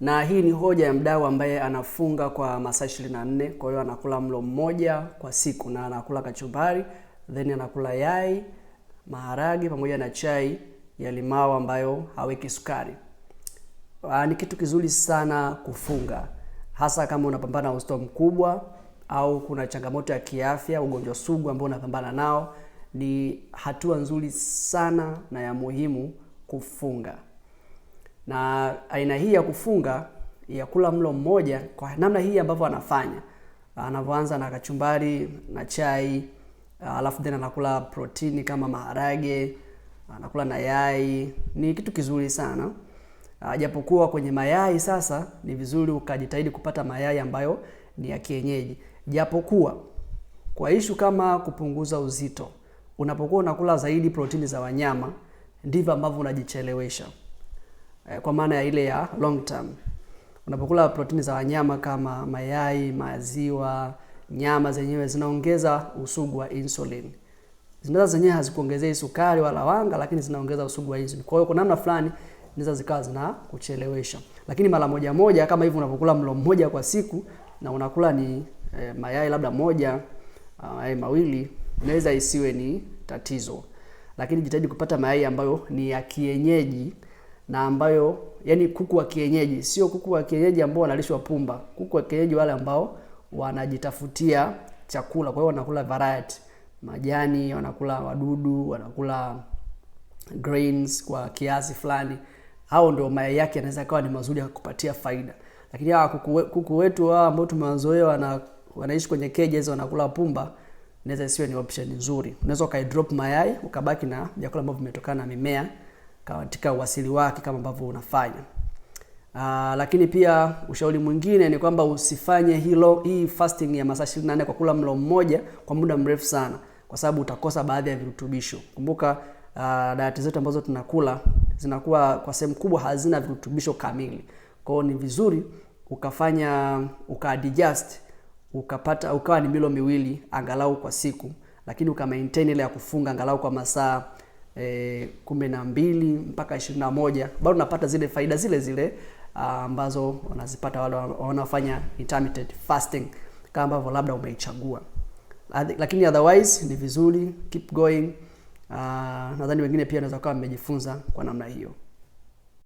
na hii ni hoja ya mdau ambaye anafunga kwa masaa 24. Kwa hiyo anakula mlo mmoja kwa siku na anakula kachumbari, then anakula yai, maharage pamoja na chai ya limao ambayo haweki sukari. Ah, ni kitu kizuri sana kufunga, hasa kama unapambana na uzito mkubwa au kuna changamoto ya kiafya, ugonjwa sugu ambao unapambana nao. Ni hatua nzuri sana na ya muhimu kufunga na aina hii ya kufunga ya kula mlo mmoja kwa namna hii ambavyo anafanya anavyoanza na kachumbari na chai, alafu tena anakula protini kama maharage, anakula na yai. Ni kitu kizuri sana japokuwa kwenye mayai sasa ni vizuri ukajitahidi kupata mayai ambayo ni ya kienyeji, japokuwa kwa ishu kama kupunguza uzito, unapokuwa unakula zaidi protini za wanyama ndivyo ambavyo unajichelewesha eh, kwa maana ya ile ya long term. Unapokula protini za wanyama kama mayai, maziwa, nyama zenyewe zinaongeza usugu wa insulin. Zinaweza zenyewe hazikuongezei sukari wala wanga, lakini zinaongeza usugu wa insulin. Kwa hiyo kwa namna fulani zinaweza zikawa zina kuchelewesha lakini mara moja moja kama hivi unapokula mlo mmoja kwa siku na unakula ni eh, mayai labda moja ah, mayai mawili inaweza isiwe ni tatizo, lakini jitahidi kupata mayai ambayo ni ya kienyeji na ambayo yani kuku wa kienyeji, sio kuku wa kienyeji ambao wanalishwa pumba, kuku wa kienyeji wale ambao wanajitafutia chakula. Kwa hiyo wanakula variety, majani, wanakula wadudu, wanakula grains kwa kiasi fulani. Hao ndio mayai yake yanaweza kawa ni mazuri ya kupatia faida, lakini hawa kuku, kuku wetu hawa ambao tumewazoea wana, wanaishi kwenye cages wanakula pumba inaweza isiwe ni option nzuri. Unaweza ukai drop mayai ukabaki na vyakula ambavyo vimetokana na mimea katika uwasili wake kama ambavyo unafanya. Aa, ah, lakini pia ushauri mwingine ni kwamba usifanye hilo hii fasting ya masaa 24 kwa kula mlo mmoja kwa muda mrefu sana, kwa sababu utakosa baadhi ya virutubisho. Kumbuka uh, ah, dayati zetu ambazo tunakula zinakuwa kwa sehemu kubwa hazina virutubisho kamili. Kwa ni vizuri ukafanya uka digest ukapata ukawa ni milo miwili angalau kwa siku, lakini uka maintain ile ya kufunga angalau kwa masaa Eh, kumi na mbili mpaka ishirini na moja bado unapata zile faida zile zile ah, ambazo wanazipata wale wanaofanya intermittent fasting kama ambavyo labda umeichagua, lakini otherwise ni vizuri keep going. Uh, nadhani wengine pia wanaweza kawa mmejifunza kwa namna hiyo.